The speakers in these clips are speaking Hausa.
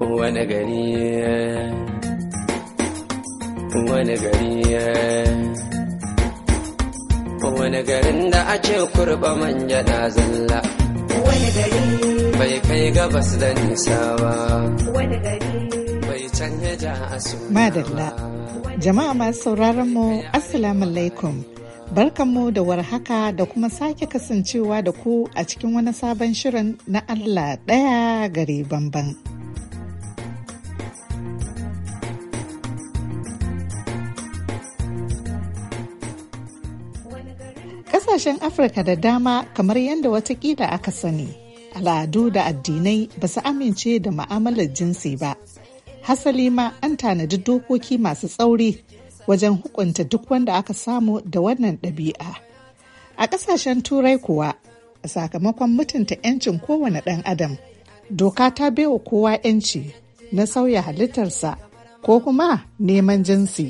wani gari wani gari wani garin da ake kurba manja da zalla wani gari bai kai gabas da nisa ba wani gari bai canja ja a madalla jama'a masu sauraron mu assalamu alaikum Barkanmu da warhaka da kuma sake kasancewa da ku a cikin wani sabon shirin na Allah ɗaya gare bamban. kasashen afirka da dama kamar yadda watakila aka sani al'adu da addinai ba su amince da ma'amalar jinsi ba hasali ma an tanadi dokoki masu tsauri wajen hukunta duk wanda aka samu da wannan ɗabi'a a ƙasashen turai kuwa a sakamakon mutunta 'yancin kowane ɗan adam doka ta baiwa kowa 'yanci na sauya halittarsa ko kuma neman jinsi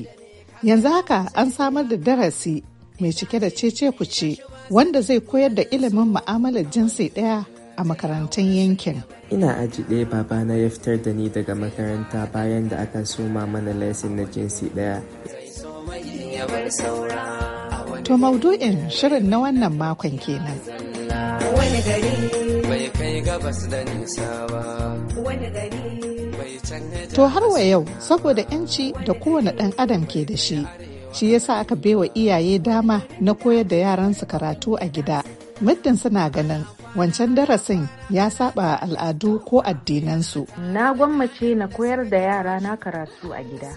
yanzu haka an samar da darasi mai cike da cece ku ce, wanda zai koyar da ilimin mu'amalar jinsi ɗaya a makarantun yankin. Ina aji ɗaya babana ya fitar da ni daga makaranta bayan da aka soma mana lesin na jinsi ɗaya. To maudu'in shirin na wannan makon kenan. ba. To har wa yau saboda 'yanci da kowane ɗan adam ke da shi shi yasa aka wa iyaye dama na koyar da yaransu karatu a gida muddin suna ganin wancan darasin ya saba al'adu ko addinansu na gwammace na koyar da yara na karatu a gida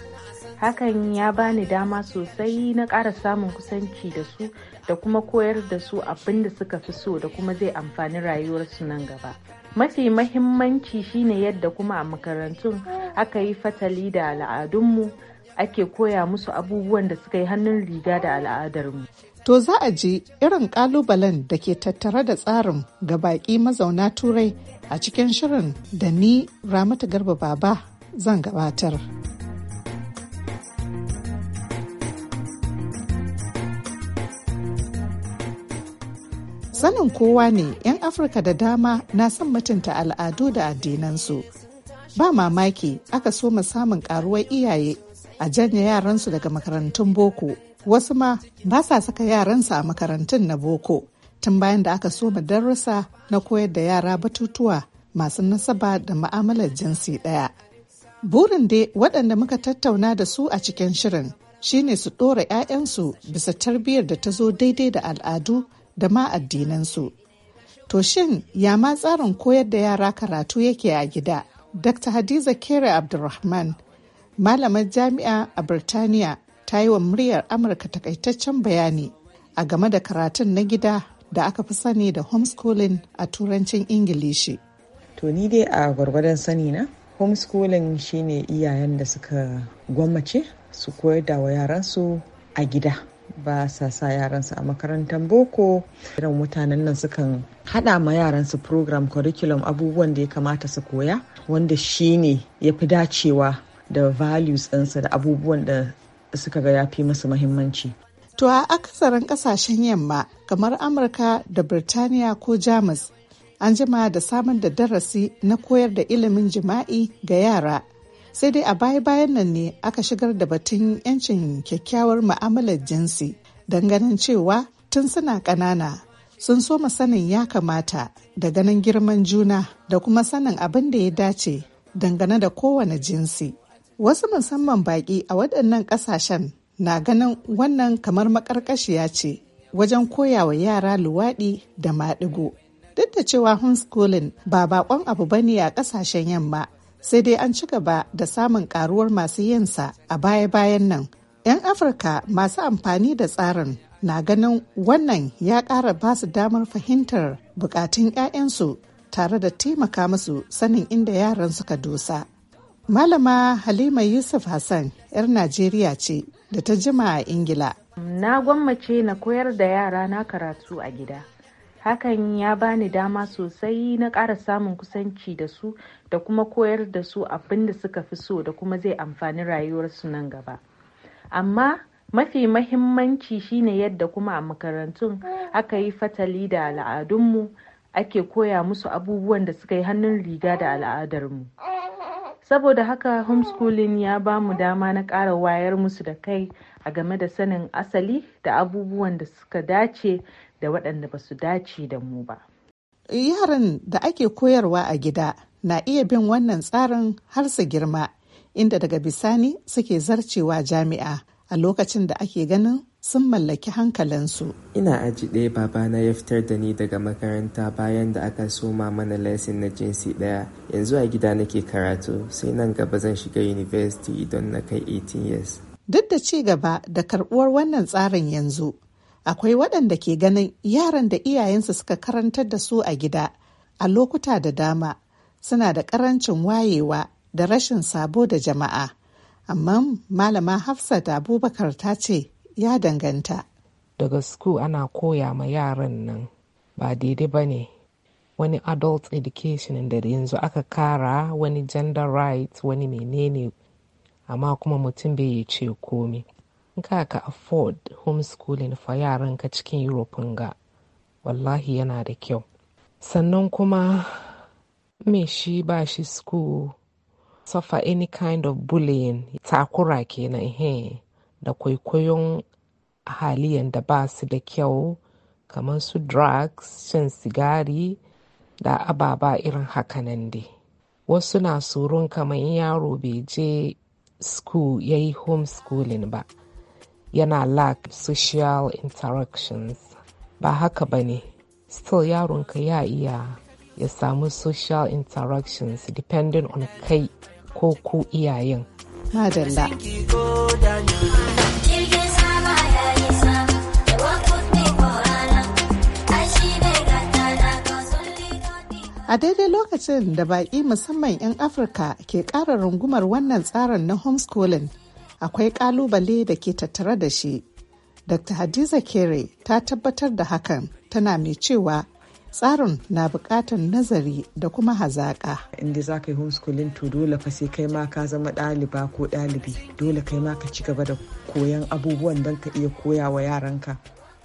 hakan ya bani dama sosai na ƙara samun kusanci da su da kuma koyar da su abin da suka fi so da kuma zai amfani rayuwarsu nan gaba mafi mahimmanci shine yadda kuma a makarantun aka yi fatali da al'adunmu ake koya musu abubuwan da suka yi hannun riga da al'adarmu. To za a je irin kalubalen da ke tattare da tsarin ga baƙi mazauna turai a cikin shirin da ni ramata Garba Baba zan gabatar. Sanin kowa ne 'yan Afirka da dama na son mutunta al'adu da addinansu. Ba mamaki aka so samun karuwar iyaye a janya yaransu daga makarantun boko wasu ma ba sa saka yaransu a makarantun na boko tun bayan da aka soma darussa na koyar da yara batutuwa masu nasaba da ma'amalar jinsi ɗaya. Burin dai waɗanda muka tattauna da su a cikin shirin shine su ɗora 'ya'yansu bisa tarbiyyar da ta zo daidai da al'adu da ma addinansu. To shin ya ma tsarin koyar da yara karatu yake a gida? Dr. Hadiza Kere Abdulrahman malamar jami'a a Birtaniya ta yi wa muryar Amurka takaitaccen bayani a game da karatun na gida da aka fi sani da homeschooling a turancin Ingilishi. To ni dai a gwargwadon sani na, homeschooling shine iyayen da suka gwammace su koyar da wa yaransu a gida. ba sa sa yaransu a makarantar boko irin mutanen nan sukan hada ma yaransu program curriculum abubuwan da ya kamata su koya wanda shi ne ya fi dacewa da values ɗinsa da abubuwan da suka ga ya fi masa muhimmanci. To a akasarin kasashen yamma kamar Amurka da Birtaniya ko Jamus an jima da samar da darasi na koyar da ilimin jima'i ga yara. Sai dai a baya-bayan nan ne aka shigar da batun 'yancin kyakkyawar mu'amalar jinsi ganin cewa tun suna ƙanana sun so sanin ya kamata da ganin girman juna da kuma sanin abin da ya dace dangane da kowane jinsi. Wasu musamman baƙi a waɗannan ƙasashen na ganin wannan kamar maƙarƙashiya ce wajen koyawa yara luwaɗi da maɗigo. Duk da cewa homeschooling ba baƙon abu ba ne a ƙasashen yamma, sai dai an ci gaba da samun ƙaruwar masu yinsa a baya-bayan nan. 'Yan Afirka masu amfani da tsarin na ganin wannan ya ƙara ba su damar fahimtar buƙatun 'ya'yansu tare da taimaka musu sanin inda yaran suka dosa. Malama Halima Yusuf Hassan 'yar Najeriya ce da ta jima a Ingila. Na gwammace na koyar da yara na karatu a gida. Hakan ya bani dama sosai na ƙara samun kusanci da su da kuma koyar da su abin da suka fi so da kuma zai amfani rayuwarsu nan gaba. Amma mafi mahimmanci shine yadda kuma a makarantun aka yi fatali da al'adunmu ake koya musu abubuwan da suka yi hannun riga da al'adarmu. saboda haka homeschooling ya ba mu dama na ƙara wayar musu da kai a game da sanin asali da abubuwan da suka dace da waɗanda ba su dace da mu ba yaran da ake koyarwa a gida na iya bin wannan tsarin har su girma inda daga bisani suke zarcewa jami'a a lokacin da ake ganin sun mallaki hankalinsu. Ina aji ɗaya babana ya fitar da ni daga makaranta bayan da aka soma mana lesson na jinsi ɗaya. Yanzu a gida nake karatu sai nan gaba zan shiga university don na kai 18 years. Duk da ci gaba da karɓuwar wannan tsarin yanzu, akwai waɗanda ke ganin yaran da iyayensu suka karantar da su a gida a lokuta da dama suna da ƙarancin wayewa da rashin sabo da jama'a. Amma Malama Hafsat Abubakar ta ce, ya danganta daga school ana koya ma yaran nan ba daidai ba ne wani adult education da yanzu aka kara wani gender rights wani menene amma kuma mutum bai ce komi in ka ka afford homeschooling fa yaran ka cikin europe ga wallahi yana da kyau sannan kuma me shi ba shi school suffer any kind of bullying takura kenan eh. da kwaikwayon haliyan da ba su da kyau kamar su drugs shan sigari da ababa irin haka nan dai wasu na tsoron kamar yaro bai je school ya yi homeschooling ba yana lack social interactions ba haka ba ne still yaronka ya iya ya samu social interactions depending on kai ko ku iyayen madalla A daidai lokacin da baƙi musamman 'yan Afirka ke ƙara rungumar wannan tsarin na homeschooling, akwai ƙalubale da ke tattare da shi. Dr. Hadiza Kere ta tabbatar da hakan tana mai cewa tsarin na buƙatar nazari da kuma hazaƙa. Inda za ka yi homeschooling to dole fa sai kai ma ka zama ɗaliba ko ɗalibi dole kai ma ka ci gaba da koyan abubuwan don ka iya koya wa yaranka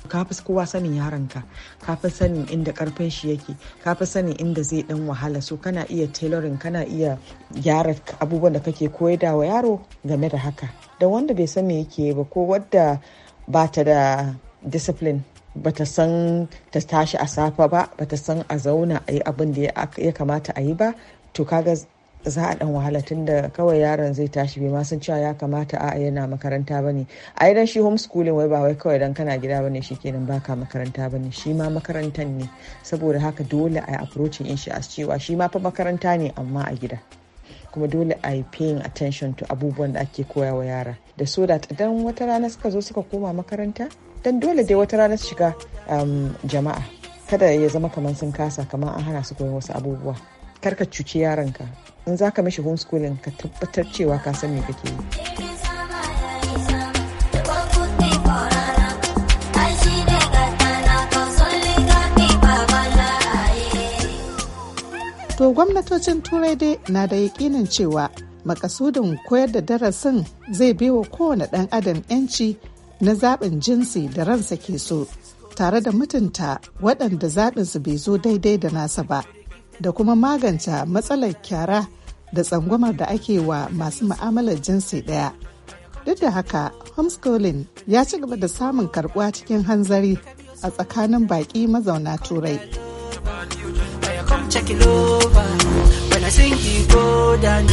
kafi kowa sanin yaronka ka fi sanin inda karfin shi yake kafi sanin inda zai dan wahala so kana iya tailorin kana iya gyara abubuwan da kake koyar wa yaro game da haka da wanda bai san me yake ba ko wadda ba ta da discipline ba ta san ta tashi a safa ba ba ta san a zauna a yi abin da ya kamata a yi ba to kaga za a dan wahala tunda kawai yaron zai tashi bai ma san cewa ya kamata a yana makaranta bane a idan shi homeschooling wai ba wai kawai dan kana gida bane kenan baka makaranta bane shi ma makarantan ne saboda haka dole a approaching in shi a cewa shi ma fa makaranta ne amma a gida kuma dole a yi paying attention to abubuwan da ake koya wa yara da so da dan wata rana suka zo suka koma makaranta dan dole dai wata rana su shiga um, jama'a kada ya zama kamar sun kasa kamar an hana su koyon wasu abubuwa Kar ka cuci yaranka in za ka mishi homeschooling ka tabbatar cewa ka san me kake yi To gwamnatocin turai dai na da yakinin cewa makasudin koyar da darasin zai baiwa kowane ɗan adam 'yanci na zaɓin jinsi da ransa ke so tare da mutunta waɗanda zaɓinsu bai zo daidai da nasa ba. da kuma magance matsalar kyara da tsangwamar da ake wa masu ma'amalar jinsi ɗaya. Duk da haka, homeschooling ya ci gaba da samun karbuwa cikin hanzari a tsakanin baƙi mazauna turai. Take it over when I sing you go down.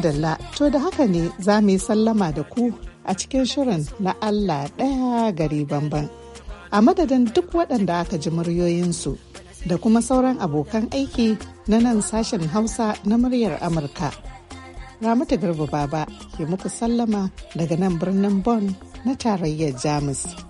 Madalla, to da haka ne za mu yi sallama da ku a cikin shirin na Allah ɗaya gari bamban. A madadin duk waɗanda aka ji muryoyinsu da kuma sauran abokan aiki na nan sashen Hausa na muryar Amurka. Ramatu Garba Baba ke muku sallama daga nan birnin Bonn na tarayyar Jamus.